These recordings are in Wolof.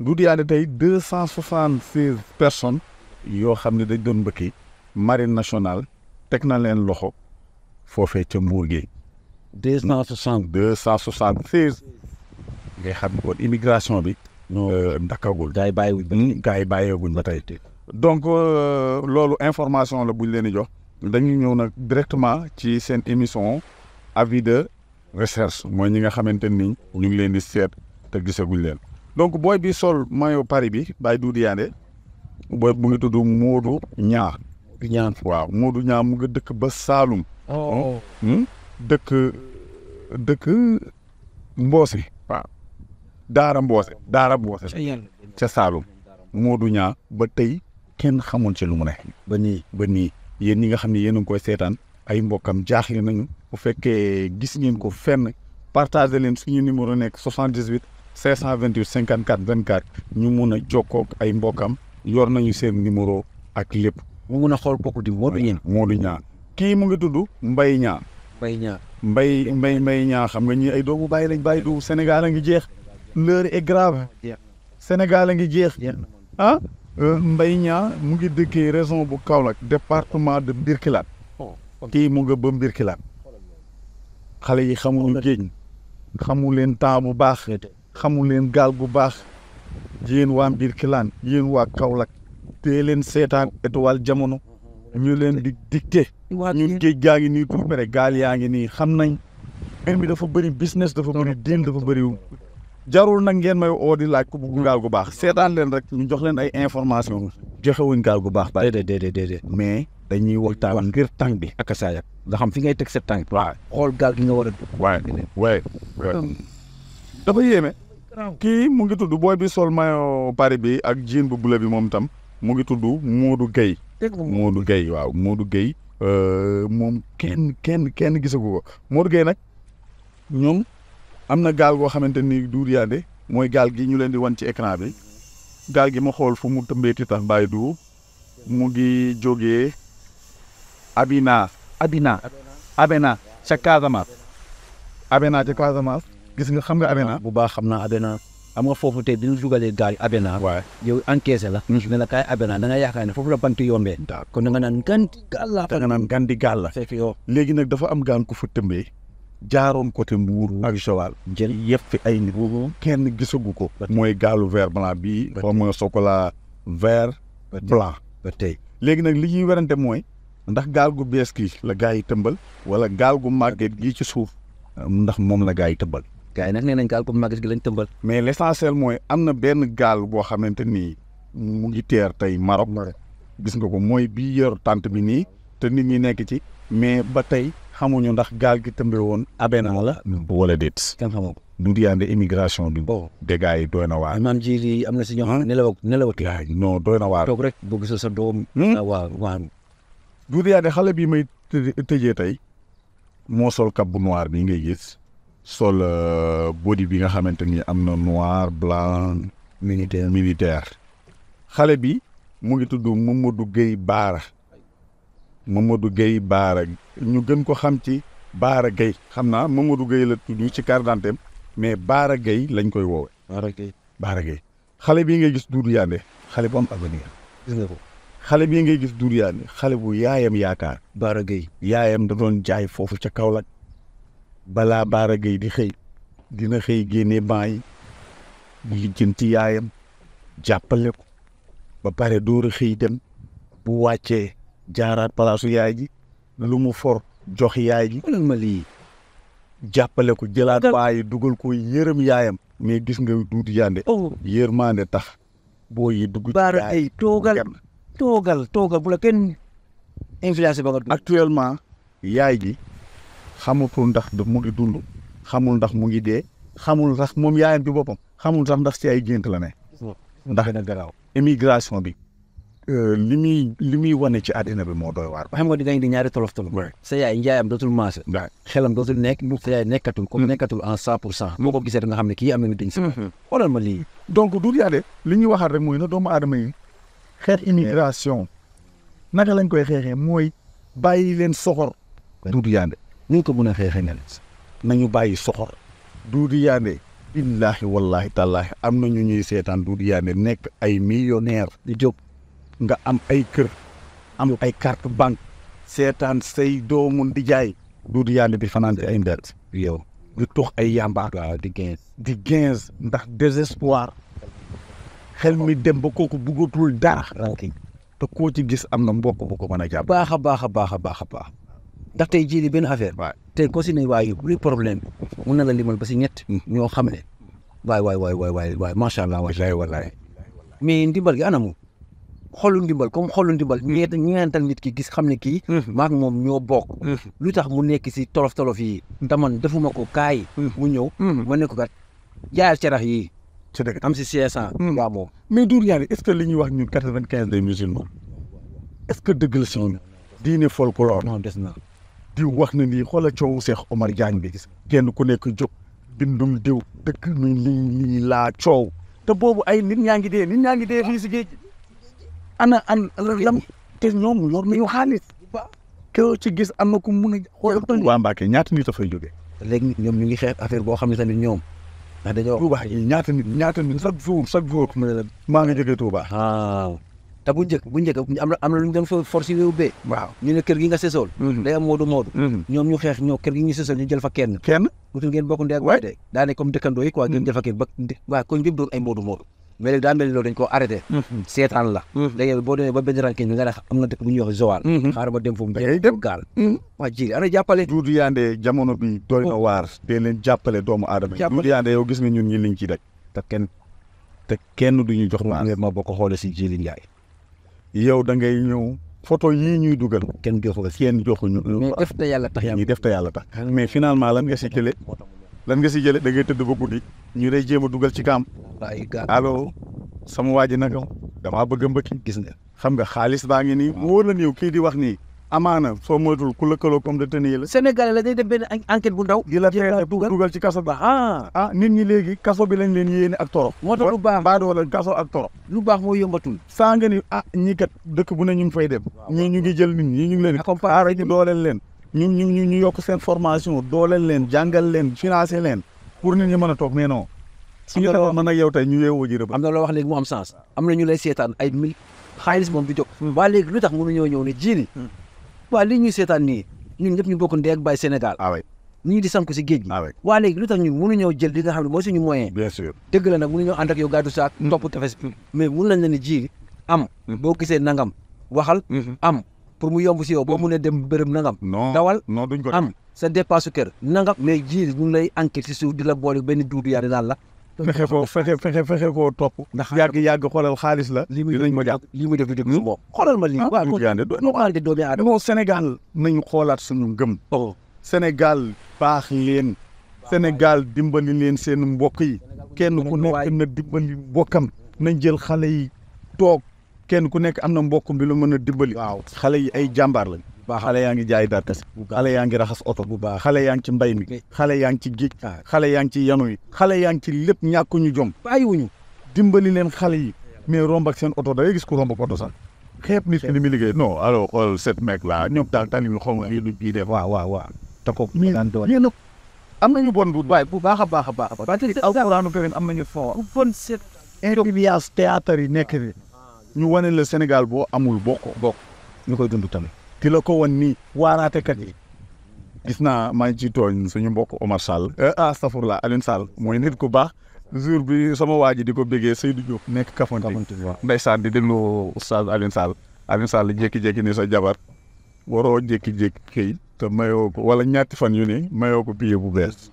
Doudou Yandé tey deux personnes yo xam dañ doon mbëkki marine nationale teg na leen loxo fofé ci Mbour gi. 276 ngay xam ne kon immigration bi. non ndakagul euh, gars baye bàyyiwuñ gay baye gars yi bàyyeeguñ ba hmm, donc euh, lolu information la buñ leen di jox. dañu ñëw nak directement ci sen émission avis de recherche mooy ñi nga xamante ñu ngi leen di sét te gisagul leen. donc boy bi sol mayo paris bi bay dou diande boy bu ngi tuddu modou ñaar ñaan waaw modou ñaar mu nga dëkk ba saloum oh hmm? Oh, oh. hmm? dëkk dëkk mbossé waaw daara mbossé daara mbossé ci saloum modou ñaar ba tay kenn xamul ci lu mu ne ba ni ba ni yeen ñi nga xamni yeen yéen ngi koy sétane ay mbokam jaaxle nañu bu fekke gis ngeen ko fenn partager leen suñu numéro nek 78 528 54 24 ñu mun a jokkook ak ay mbokkam yor nañu seen numéro ak lépp. mu mun a xool kooku di Modou Niang. Modou Niang kii mu ngi tudd mbay Niang. Mbaye Niang Mbaye Mbaye Mbaye Niang xam nga ñi ay doomu bàyyi lañ bàyyi du Sénégal ngi jeex. l'heure est grave. Sénégal a ngi jeex. ah euh, mbay Niang mu ngi dëkkee région bu Kaolack département de Birkilaan. Oh, kii mu nga ba Birkilaan. xale yi xamuñu géej xamu leen temps bu baax. xamu leen gaal gu baax yéen waa mbiir kilaan yéen waa Kaolack tee leen seetaan étoile jamono ñu leen di dicté ñun géej gaa ngi nii tout près gaal yaa ngi nii xam nañ mbir mi dafa bëri business dafa bëri diin dafa bëriwu jarul nag ngeen may oo di laaj bugg gaal gu baax seetaan leen rek ñu jox leen ay information joxewuñ gaal gu baax ba déedéet déedéet déedéet mais dañuy waxtaan ngir tànk bi ak a saayak fi ngay teg set tànk waaw xool gaal gi nga war a dafa yéeme. kii mu ngi tudd booy bi sol maillot Paris bi ak jiin bu bula bi moom tam mu ngi tudd Modou Gueye. Modou Gueye waaw Modou Gueye. Euh, moom kenn kenn kenn gisagu ko Modou Gueye nag ñoom am na gaal goo xamante ni duur yaande mooy gaal gi ñu leen di wan ci écran bi gaal gi ma xool fu mu tëmbeeti tax mbaay du mu ngi jógee Abina Abina Abena ca Casamance abina ca Casamance gis nga xam nga ah, Abena. bu baax xam naa Abena. am nga foofu tey dina dugalee gaal Abena. waay yow encaissé la. Mm. ne la kaay Abena da nga yaakaar ne foofu la bant yombee. kon ko nga naan gandi gaal la. da nga naan gandi gaal la. fekk yoo léegi nag dafa am gaan ku fa tëmbee. jaaroon côté Mbuur mm. ak Joal. jël yëpp fi ay nit. Mm-hmm. kenn gisagu ko. mooy gaalu vert blanc bii. xaw ma chocolat vert blanc. ba tey léegi nag li ñuy werante mooy. ndax gaal gu bees gi la gaa yi tëmbal. wala gaal gu màgget gii ci suuf. ndax moom la gaa yi tëmbal. gars yi nag nee nañ gaal ko magas gi lañ tëmbal. mais l' essentiel mooy am na benn gaal boo xamante ni mu ngi teer tey Maroc. gis nga ko mooy bi yor tànt bi nii te nit ñi nekk ci. mais ba tey xamuñu ndax gaal gi tëmbe woon. abena la wala déet. kenn xamoo ko. du diyaande immigration bi. bon dégâts yi doy na waar. maam ji am na si ñoo xam ne la woo ne la woo. non na waar. toog rek boo gisoo sa doom. Hmm? Ah, waaw waaw. du diyaande xale bii may tëjee tey moo sol kab bi ngay gis. sol euh, bodi bi nga xamante ni am na noir blanc. militaire militaire. xale bi mu ngi tudd Mamadou Gueye Baara Mamadou Gueye Baara ñu gën ko xam ci Baara Gueye xam naa Mamadou Gueye la tudd ci carte d'identité mais Baara Gueye lañ koy woowe Baara Gueye xale bii ngay gis Doudou Yandé xale bu am avenir ko xale bii ngay gis Doudou Yandé xale bu yaayam yaakaar Baara Gueye yaayam da doon jaay foofu ca Kaolack balaa Baara Gueye di xëy dina xëy génne ban yi mu lijjanti yaayam jàppale ko ba pare dóor a xëy dem bu wàccee jaaraat palaasu yaay ji lu mu for jox yaay ji ma lii jàppale ko jëlaat baa yi dugal ko yërëm yaayam mais gis nga duuti yande oh. yërmande tax boo yi dugg Baara ay toogal toogal toogal bu la kenn influencé ba nga actuellement yaay ji xamatul ndax mu ngi dund xamul ndax mu ngi dee xamul ndax moom yaayam bi boppam xamul sax ndax ci ay gént la ne. ndax gën a garaaw immigration bi. Euh, li muy li muy wane ci àddina bi moo doy waar. xam nga dinañ di ñaari tolof tolof. sa yaay njaayam dootul maase. xelam dootul nekk sa yaay nekkatul. comme nekkatul en cent pour cent. moo ko gisee da nga xam ne kii am na lu mm-hmm. ma lii. donc du yaade li ñuy waxaat rek mooy na doomu aadama yi xeex immigration naka lañ koy xeexee mooy bàyyi leen soxor. du yaade ni ko mëna xexé xeexee nañu bayyi soxor duudu yaane billahi wallahi tallahi amna ñu ñuy seetaan duudu yaane nek ay millionnaire di job nga am ay kër am ay carte banque sétan sey doomu di jaay duudu yaane bi fanaan ay ndet yow di tux ay yamba di gains di gains ndax désespoir xel mi dem ba koku buggatul dara te ko ci gis amna mbokk bu ko mëna baaxa baaxa baaxa baaxa ndax tey jii benn affaire. waaw tey continué waa yu bëri problème bi mun na la limal ba si hmm. ñoo xam ne. waay waay waay waay waay macha allah. wallaay wallaay. mais ndimbal gi anamu. xoolu ndimbal comme xoolu ndimbal hmm. ñeent ñeental nit ki gis xam ne kii. Hmm. maak moom ñoo bokk. lu tax mu nekk si tolof tolof yi. taman defuma ko kaay. mu ñëw. ma nekk kat jaayal cerax yi. ci dëgg am si 500. waaw moom mais Doudou Yane est ce wax ñun quatre vingt quinze des musulmans est ce que dëgg la si diine folklore. non des na. diw wax na nii xoola coowu Cheikh Omar Diagne bi gis kenn ku nekk jóg bindum diw dëkk mi nii laa coow te boobu ay nit ñaa ngi dee nit ñaa ngi dee fii si géej ana an lam te ñoom yor nañu xaalis koo ci gis am na ku mun a xool waa Mbacke ñaata nit a fay jógee léegi ñoom ñu ngi xeex affaire boo xam ne ñoom ndax dañoo wax ñaata nit ñaata nit chaque jour chaque jour maa ngi jógee Touba te bu njëkk bu njëkk am na am na lu ñu doon force yi ubbee waaw ñu ne kër gi nga mhm. mhm. ñu xeex ñoo kenn kenn utul ngeen bokk ndee ak waay de daa ne comme dëkkandoo yi quoi ngeen mhm. jël fa kenn ba waaw koñ bépp doon ay moodu moodu ma dem foofu jamono bi doy na oh. waar jàppale doomu aadama yi duudu yaande yow gis nga ñun ñi liñ kenn te kenn jox ma boo ko xoolee si Jili Njaay yow da ngay ñëw photo yii ñuy dugal. kenn joxu kenn joxuñu. mais def te yàlla tax ñuy def te yàlla tax. Ah. mais finalement lan nga si jëlee lan nga si jëlee da ngay tëdd ba guddi. ñu lay jéem dugal ci kaam. allo sama waa ji nag damaa bëgg a mbëkki. gis nga xam nga xaalis baa ngi nii. wóor na ni kii di wax nii. amaana soo moytul ku lëkkaloo kom de tenue la. Sénégalais la day def benn enquête bu ndaw. jëlaat dugal ci kaso ba ah. ah nit ñi léegi kaso bi lañ leen yéene ak torop. moo tax lu baax baadu wala kaso ak torop. lu baax moo yombatul. saa nga ni ah ñii kat dëkk bu ne ñu ngi fay dem. ñii ñu ngi jël nit ñi ñu ngi leen. accompagner ñu dooleel leen. ñu ñu ñu ñu yokk seen formation dooleel leen jàngal leen financer leen pour nit ñi mën a toog mais non. su ñu taxoon man ak yow tey ñu yeewoo ji rëbb. am na loo wax léegi mu am am na lay seetaan ay mil xaalis moom di jóg. waa léegi lu tax mënuñoo ñëw ne jiini hmm. waa li ñuy seetaan nii ñun ñëpp ñu bokk ndey ak baay Sénégal ah ñii di sanku si géej gi ah waa léegi lu tax ñu mënu ñëw jël li nga xam ne mooy suñu moyen bien sûr dëgg la nag mënu ñëw ànd ak yow gaddu saak mm-hmm. topp tefes mais mun nañ la ne ji am mm-hmm. boo gisee nangam waxal mm-hmm. am pour mu yomb si yow boo munee dem bërëb nangam dawal am sa dépasse kër nangam mais ji ñu ngi lay enquête si suuf di la boole benn duudu yaa di naan fexe koo fexe fexe fexe koo topp. ndax yàgg yàgg xoolal xaalis la. li muy def li muy def li muy def xoolal ma lii. Ah, waaw kon non xaaral de doomi aadama. non Sénégal nañu xoolaat suñu ngëm. Oh. Sénégal baax leen. Sénégal dimbali leen seen mbokk yi. kenn ku nekk na dimbali mbokkam. nañ jël xale yi toog. kenn ku nekk am na mbokk bi lu mën a dimbali. waaw xale yi ay jàmbaar lañ. baax yaa ngi jaay darkas bu baax yaa ngi raxas oto bu baa xale yaa ngi ci mbay mi xale yaa ngi ci géej ah. xale yaa ngi ci yanu yi xale yaa ngi ci lépp ñàkkuñu jom bàyyiwuñu dimbali leen xale yi mais romb ak seen oto da ngay gis ku romb ak oto sax xeeb nit ki ni muy liggéey non alors xool set mec la ñoom ñu ciy def waaw waaw waaw te ko daan doon mais nag am nañu bon bu waaye bu baax a baax a baax parce que alquraan karim am nañu foo bon set influence théâtre yi nekk ni ah. ñu wane la senegal boo amul bokk bok ñu koy dund tamit kilo la ko won warate kat yi gis naa maa ngi ciy suñu mbokk Omar Sall eh, astafurlah Alioune Sall moy nit ku baax jour bi sama waji diko di Seydou Diop nekk Kafountine waaw ndaysan di delo oustad Alioune Sall Alioune Sall jeki jeki ni sa jabar waro jékki jeki këy te mayoo ko wala ñatti fan yu ne mayoo ko bu bes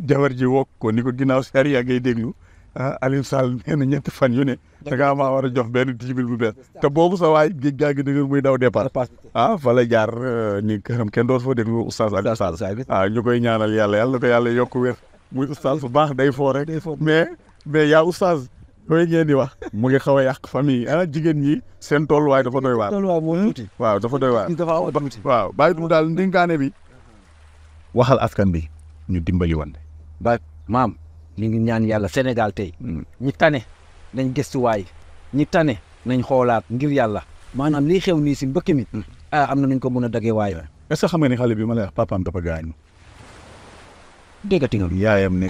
jabar ji wok ko ni ginaaw sharia ngay deglu Ah, Alioune Sall nee na ñetti fan yu ne da ngaa maa war a jox benn dix mille bu bees te boobu sa waay géej gaa ngi muy daw départ ah fa la jaar euh, ni këram kenn dootu fa dégg nga oustaz Alioune Sall ah ñu koy ñaanal yàlla yàlla na ko yokk wér muy oustaz bu baax day foo rek mais mais yaa oustaz yooyu ngeen di wax mu ngi xaw a yàq famille ah jigéen ñi seen tolluwaay dafa doy waar hmm? dafa doy waar waaw bàyyi du daal ndénkaane bi waxal askan bi ñu dimbali wante maam ñu ngi ñaan yàlla Sénégal tey ñi tane nañ gëstuwaay ñi tane nañ xoolaat ngir yàlla maanaam liy xew nii si mbëkk mi hmm. ah am na nañ ko mën a dagee waay est-ce que xam nga ni xale bi ma lay wax papaam dafa gaañu déggati nga yaayam ne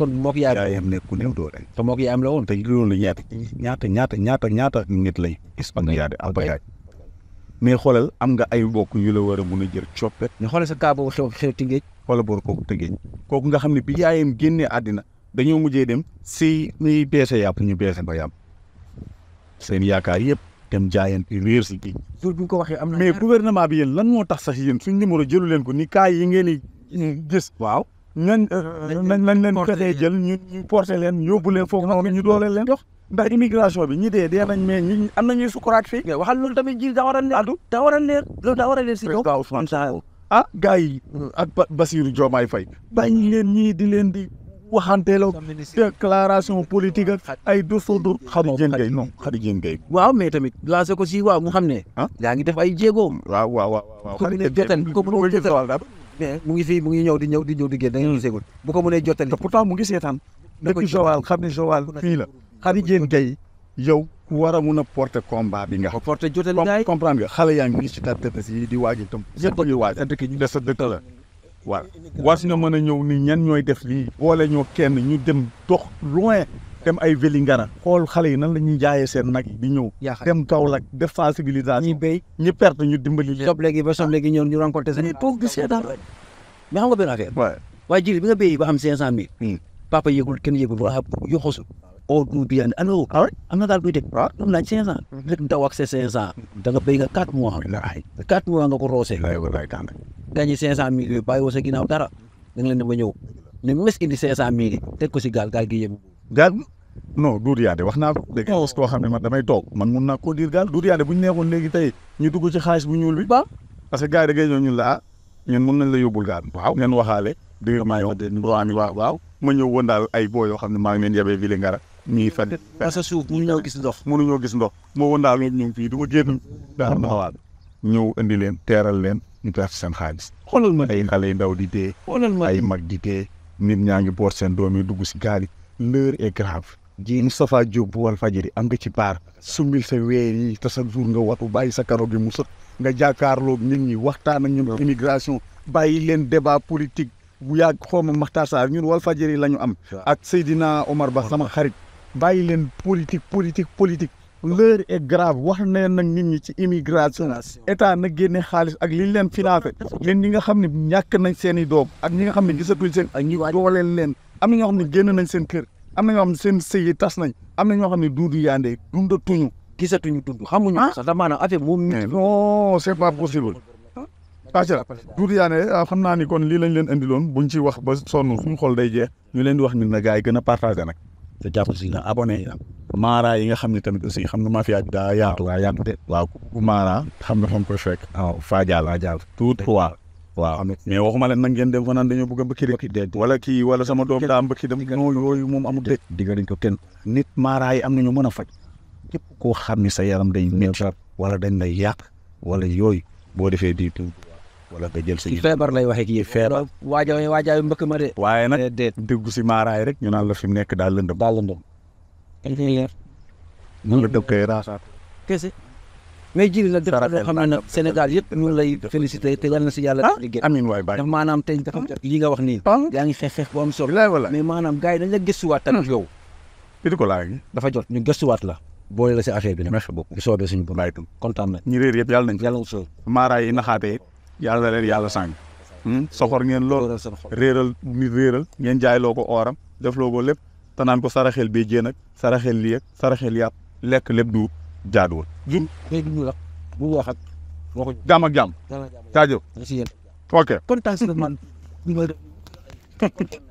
ne ku néew doole te mook yaayam la woon te loolu ñaata ñaata ñaata ñaata ñaata nit lay ispan yaade albagaaj mais xoolal am nga ay mbokk yu la war a mun a jër coppet ñu xoolal sa kaa boobu xew xew tëngéej xoolal boobu kooku nga xam ne bi yaayam génnee àddina dañoo mujjee dem si ñuy beese yàpp ñu beese ba yàpp seen yaakaar yëpp dem jaayante réer si kii. jour bi ñu ko waxee am na mais gouvernement bi yéen lan moo tax sax yéen suñ numéro jëlu leen ko ni kaay yi ngeen di gis. waaw nañ nañ nañ leen fexee jël ñu ñu porté leen yóbbu leen foofu noonu ñu dooleel leen jox. ndax immigration bi ñi dee dee nañ mais ñi am nañuy sukuraat fii. waxal loolu tamit ji daa war a leer. allo daa war a leer loolu daa war a leer si kaw. président Ousmane ah, ak Basirou Diomaye Faye. bàyyi leen ñii di leen di. waxanteeloo déclaration politique ak ay dosodur xamoo Khady Diène Gaye non Khady Diène Gaye waaw mais tamit lancé ko si waaw mu xam ne ah yaa ngi def ay jéego waaw waaw waaw ko mënee jotal ko mënee jotal mais mu ngi fii mu ngi ñëw di ñëw di ñëw di génn da ngeen gisee bu ko mënee jottali te pourtant mu ngi seetaan dëkk Joal xam ne Joal fii la Khady Diène Gaye yow ku war a mun a porter combat bi nga porter jotal gaay comprendre nga xale yaa ngi ci tapé yi di waaj itam ñëpp a ngi waaj dëkk ñu des sa dëkk la waaw war si na mën a ñëw ni ñan ñooy def lii boole ñoo kenn ñu dem dox loin dem ay Vélingara xool xale yi nan la ñuy jaayee seen nag di ñëw kaw Kaolack def sensibilisation ñi béy ñi perte ñu dimbali leen soble gi ba soble gi ñëw ñu rencontré seen toog di seetaan mais xam nga benn waaye jili bi nga béy ba am cinq hmm. papa yëgul kenn yëgul waa yoxosu oo oh, du bi ah, ne allo ah am na daal kuy teg ah. am naa cinq cent hmm. rek ndaw ak sa cinq cent da nga béy nga quatre mois quatre mois nga ko roosee gagné cinq cent mille yooyu bàyyi woo sa ginnaaw dara da nga leen ba ñëw ne mes indi cinq cent ko si gaal gaal gi yem. gaal non Doudou Yandé wax naa ko. dëgg la koo xam ne man damay toog man mun naa koo diir gaal Doudou Yandé bu ñu nekkoon léegi tey eh. ñu dugg ci xaalis bu ñuul bi. Eh. ba parce que gars yi da ngay ñëw ñun la ah ñun mun nañ la yóbbul gaal. waaw ngeen waxaale. dëgg maa waaw waaw. ma ñëw daal ay boo yoo xam ne maa ngi leen yebee Ville Ngara ñuy fan. parce que suuf mënuñoo gis gis ndox moo ñu ngi fii du ma génn daal ñëw indi leen teeral leen ñu perte seen xaalis. xoolal ma ay xale yu ndaw di dee. xoolal ay mag di dee. nit ñaa ngi boor seen doom yi dugg si gaal yi. l'heure est grave. ji Moustapha Diop bu am nga ci paar. summil sa weer yi jour nga watu bàyyi sa karo gi mu sët. nga jàkkaarloog nit ñi waxtaan ak ñun. immigration bàyyi leen débat politique. bu yàgg xooma Makhtar Sarr ñun Walfadjri la ñu am. ak Seydina Omar Ba sama xarit. bàyyi leen politique politique politique. l'heure est grave wax ne nag nit ñi ci immigration état na génne xaalis ak li ñu leen financé leen ñi nga xam ne ñàkk nañ seen i doom ak ñi nga xam ne gisatuñ seen ak ñi dooleel leen am na ñoo xam ne génn nañ seen kër am na ñoo xam ne seen tas nañ am na ñoo xam ne duudu yaande dundatuñu gisatuñu dund xamuñu ah? sax da maanaam affaire moom non c'est pas possible ah? acila duudu yaande a ah, naa ni kon lii lañ leen indiloon buñ ci wax ba sonn suñu xol day jeex ñu leen di wax ni na gars yi gën a partagé nag te maara yi nga xam ne tamit aussi xam nga mafia bi daa yaatu waa ku maara xam nga fa koy fekk waaw faa waa faa jaal tout trois waaw mais waxuma leen nag ngeen dem fa naan dañoo bëgg a bëkki de wala kii wala sama doom daa am bëkki dem non yooyu moom amul de digga ko kenn nit maara yi am na ñu mën a faj képp koo xam ne sa yaram day métti wala dañ lay yàq wala yooyu boo defee di tout wala nga jël sa feebar lay waxee kii feebar waajal waajaayu mbëkk ma de waaye nag déggu si maaraay rek ñu naan la fi mu nekk daal lëndëm daal lëndëm dañ koy la mën nga dëkkee raasaat. kese ji la def loo xam ne nag Sénégal yëpp ñu lay félicité te yal na si yàlla. Ah, amiin waay baay ndax maanaam tey dafa yi ah. nga wax nii. Ah. yaa ngi xeex xeex bu am solo. mais maanaam gars yi dañ la gëstuwaat tamit yow. dafa jot ñu gëstuwaat la. boole la si affaire bi nag. merci beaucoup bu soobee kontaan na ñi réer yëpp yàlla nañ. yàlla nañ maaraay yi naxaatee yàlla na leen yàlla sàng. Hmm? soxor ngeen lool réeral nit réeral ngeen jaay loo ko ooram def loo ko lépp te ko saraxel bee jéen ak saraxel lii ak saraxel yàpp lekk lépp du jaaduwul. jur léegi ñu la bu wax ak